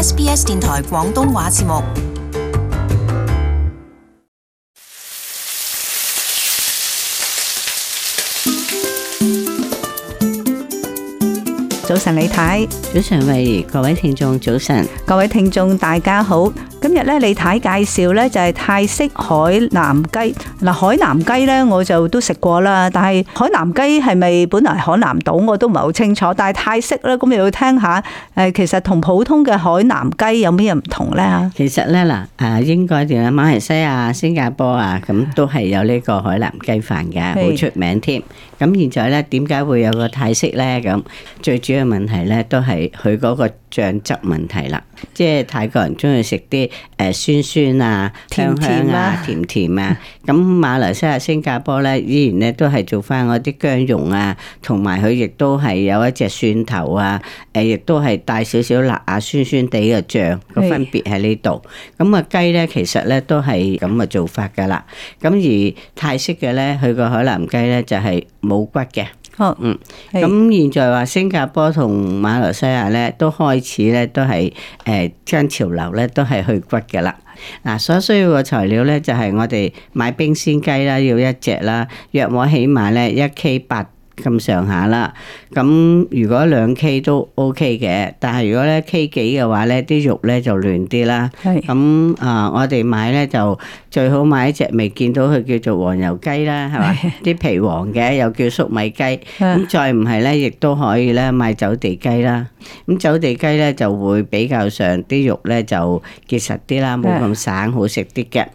SBS 電台廣東話節目。早晨，李太。早晨，各位聽眾，早晨，各位聽眾，大家好。今日咧，李太介紹咧就係泰式海南雞。嗱，海南雞咧我就都食過啦，但係海南雞係咪本來海南島我都唔係好清楚。但係泰式咧，咁你要聽下誒，其實同普通嘅海南雞有咩唔同咧？其實咧嗱，誒，應該點樣？馬來西亞、新加坡啊，咁都係有呢個海南雞飯㗎，好出名添。咁現在呢，點解會有個泰式呢？咁最主要的問題呢，都係佢嗰個。醬汁問題啦，即係泰國人中意食啲誒酸酸啊、甜甜啊、香香啊、甜甜啊，咁 馬來西亞、新加坡咧依然咧都係做翻嗰啲薑蓉啊，同埋佢亦都係有一隻蒜頭啊，誒亦都係帶少少辣啊、辣酸酸地嘅醬，是個分別喺、那個、呢度。咁啊雞咧，其實咧都係咁嘅做法噶啦。咁而泰式嘅咧，佢個海南雞咧就係、是、冇骨嘅。好、oh，嗯，咁的現在話新加坡同馬來西亞咧，都開始咧、欸，都係誒將潮流咧，都係去骨嘅啦。嗱，所需要嘅材料咧，就係、是、我哋買冰鮮雞啦，要一隻啦，約我起碼咧一 K 八。咁上下啦，咁如果兩 K 都 OK 嘅，但係如果咧 K 幾嘅話咧，啲肉咧就嫩啲啦。係咁啊，我哋買咧就最好買一隻未見到佢叫做黃油雞啦，係嘛？啲皮黃嘅，又叫粟米雞。係咁再唔係咧，亦都可以咧買走地雞啦。咁走地雞咧就會比較上啲肉咧就結實啲啦，冇咁散，好食啲嘅。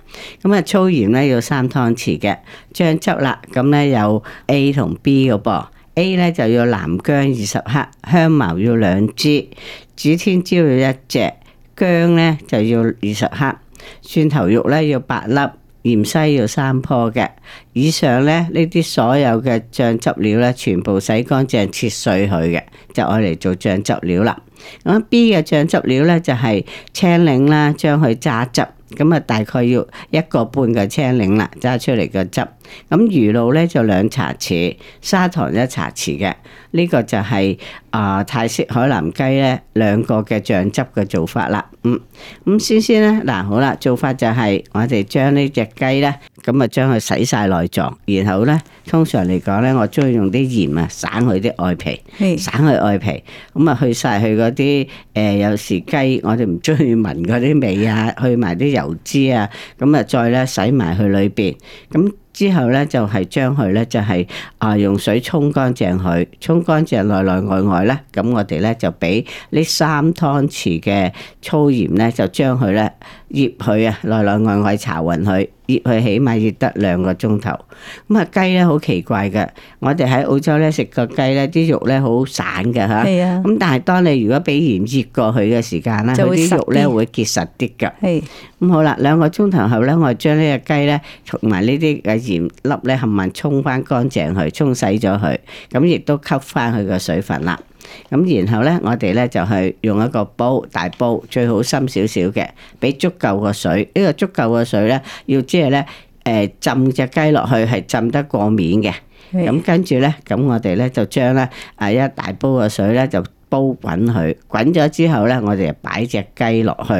咁啊，粗鹽咧要三湯匙嘅，醬汁啦，咁咧有 A 同 B 嘅噃。A 咧就要南薑二十克，香茅要兩支，指天椒要一隻，薑咧就要二十克，蒜頭肉咧要八粒，芫茜要三棵嘅。以上咧呢啲所有嘅醬汁料咧，全部洗乾淨切碎佢嘅，就愛嚟做醬汁料啦。咁 B 嘅醬汁料咧就係、是、青檸啦，將佢榨汁。咁啊，大概要一個半嘅青檸啦，揸出嚟嘅汁。咁魚露咧就兩茶匙，砂糖一茶匙嘅。呢、這個就係、是、啊、呃、泰式海南雞咧兩個嘅醬汁嘅做法啦。嗯，咁先先咧嗱、啊，好啦，做法就係我哋將呢隻雞咧。咁啊，將佢洗晒內臟，然後咧，通常嚟講咧，我中意用啲鹽啊，省佢啲外皮，省佢外皮，咁啊，去晒佢嗰啲誒，有時雞我哋唔中意聞嗰啲味啊，去埋啲油脂啊，咁啊，再咧洗埋佢裏邊，咁之後咧就係將佢咧就係啊用水沖乾淨佢，沖乾淨內內外外咧，咁我哋咧就俾呢三湯匙嘅粗鹽咧，就將佢咧醃佢啊內內外外搽勻佢。醃佢起碼醃得兩個鐘頭，咁啊雞咧好奇怪嘅，我哋喺澳洲咧食個雞咧啲肉咧好散嘅吓，咁、啊、但係當你如果俾鹽醃過去嘅時間咧，佢啲肉咧會結實啲嘅。係是，咁好啦，兩個鐘頭後咧，我哋將呢隻雞咧同埋呢啲嘅鹽粒咧慢慢沖翻乾淨去，沖洗咗佢，咁亦都吸翻佢個水分啦。咁然後咧，我哋咧就係用一個煲，大煲最好深少少嘅，俾足夠個水。呢個足夠個水咧，要即係咧誒浸隻雞落去係浸得過面嘅。咁跟住咧，咁我哋咧就將咧啊一大煲嘅水咧就。煲滾佢，滾咗之後咧，我哋就擺隻雞落去。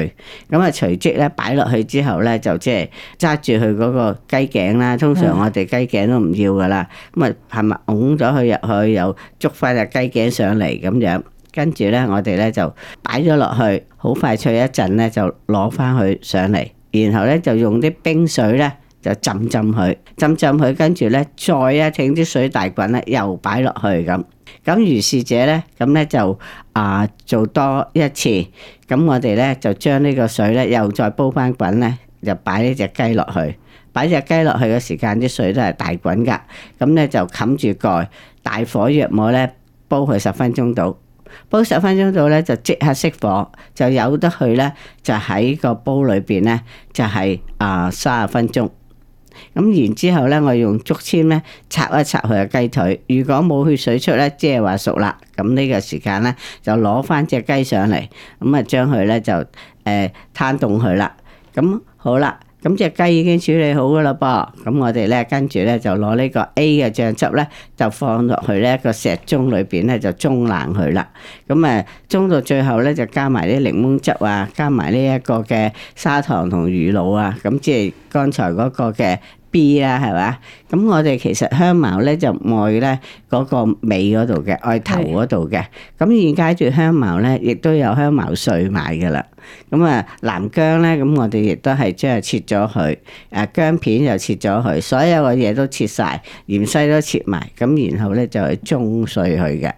咁啊，隨即咧擺落去之後咧，就即係揸住佢嗰個雞頸啦。通常我哋雞頸都唔要㗎喇。咁啊，係咪㧬咗佢入去，又捉翻隻雞頸上嚟咁樣？跟住咧，我哋咧就擺咗落去，好快脆一陣咧，就攞翻佢上嚟。然後咧就用啲冰水咧就浸浸佢，浸浸佢，跟住咧再啊，整啲水大滾咧，又擺落去咁。咁如是者咧，咁咧就啊、呃、做多一次。咁我哋咧就將呢個水咧又再煲翻滾咧，就擺呢隻雞落去。擺隻雞落去嘅時間，啲水都係大滾㗎。咁咧就冚住蓋蓋，大火弱火咧煲佢十分鐘到。煲十分鐘到咧就即刻熄火，就由得佢咧就喺個煲裏邊咧就係、是、啊、呃、三十分鐘。咁然之後咧，我用竹籤咧插一插佢嘅雞腿，如果冇血水出咧，即係話熟啦。咁、這、呢個時間咧，就攞返隻雞上嚟，咁啊將佢咧就誒攤凍佢啦。咁好啦。咁隻雞已經處理好嘅嘞噃，咁我哋咧跟住咧就攞呢個 A 嘅醬汁咧，就放落去呢個石盅裏邊咧就盅爛佢啦。咁啊盅到最後咧就加埋啲檸檬汁啊，加埋呢一個嘅砂糖同魚露啊。咁即係剛才嗰個嘅 B 啦、啊，係嘛？咁我哋其實香茅咧就愛咧嗰個尾嗰度嘅，愛頭嗰度嘅。咁現階段香茅咧亦都有香茅碎賣嘅啦。咁啊，南薑咧，咁我哋亦都係將佢切咗佢，誒薑片又切咗佢，所有嘅嘢都切晒芫茜，都切埋，咁然後咧就去、是、舂碎佢嘅。咁、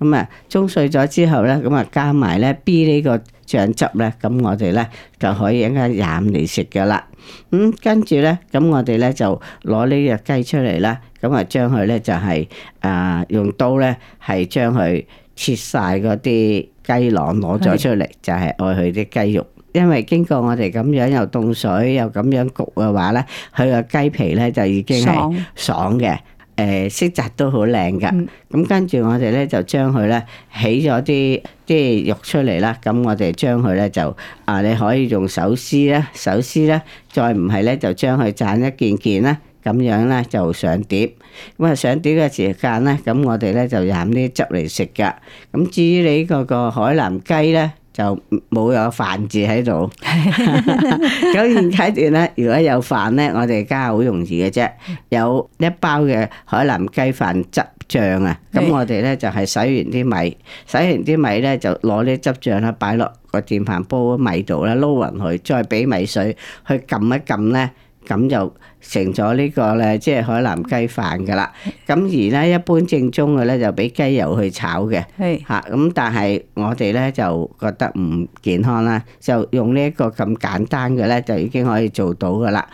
嗯、啊，舂碎咗之後咧，咁啊加埋咧 B 個醬呢個醬汁咧，咁我哋咧就可以一間飲嚟食嘅啦。咁跟住咧，咁我哋咧就攞呢隻雞出嚟啦，咁啊將佢咧就係誒、就是呃、用刀咧係將佢。切晒嗰啲雞囊攞咗出嚟，是就係愛佢啲雞肉，因為經過我哋咁樣又凍水又咁樣焗嘅話咧，佢個雞皮咧就已經係爽嘅，誒爽色澤都好靚噶。咁、嗯、跟住我哋咧就將佢咧起咗啲即係肉出嚟啦。咁我哋將佢咧就啊，你可以用手撕咧，手撕咧，再唔係咧就將佢斬一件件啦。咁樣咧就上碟，咁啊上碟嘅時間咧，咁我哋咧就飲啲汁嚟食噶。咁至於你嗰個海南雞咧，就冇有飯字喺度。咁現階段咧，如果有飯咧，我哋加好容易嘅啫。有一包嘅海南雞飯汁醬啊，咁我哋咧就係洗完啲米，洗完啲米咧就攞啲汁醬啦，擺落個電飯煲嘅米度啦，撈匀佢，再俾米水去撳一撳咧。咁就成咗呢個咧，即係海南雞飯嘅啦。咁 而咧一般正宗嘅咧就俾雞油去炒嘅，嚇。咁但係我哋咧就覺得唔健康啦，就用呢一個咁簡單嘅咧，就已經可以做到嘅啦。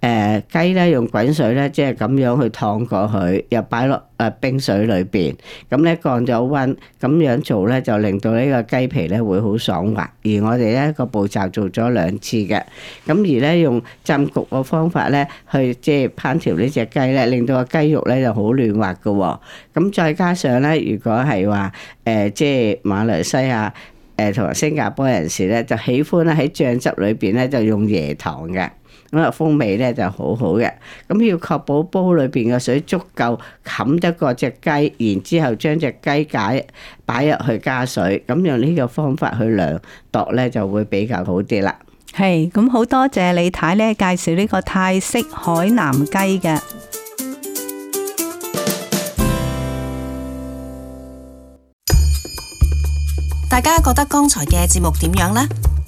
誒、呃、雞咧用滾水咧，即係咁樣去燙過佢，又擺落誒冰水裏邊，咁咧降咗溫，咁樣做咧就令到呢個雞皮咧會好爽滑。而我哋咧、呢個步驟做咗兩次嘅，咁而咧用浸焗個方法咧，去即係烹調隻雞呢隻雞咧，令到個雞肉咧就好嫩滑嘅、哦。咁再加上咧，如果係話誒即係馬來西亞誒同埋新加坡人士咧，就喜歡咧喺醬汁裏邊咧就用椰糖嘅。咁啊，風味咧就好好嘅。咁要確保煲裏邊嘅水足夠冚得過隻雞，然之後將隻雞解擺入去加水，咁用呢個方法去量度呢就會比較好啲啦。係，咁好多謝李太呢介紹呢個泰式海南雞嘅。大家覺得剛才嘅節目點樣呢？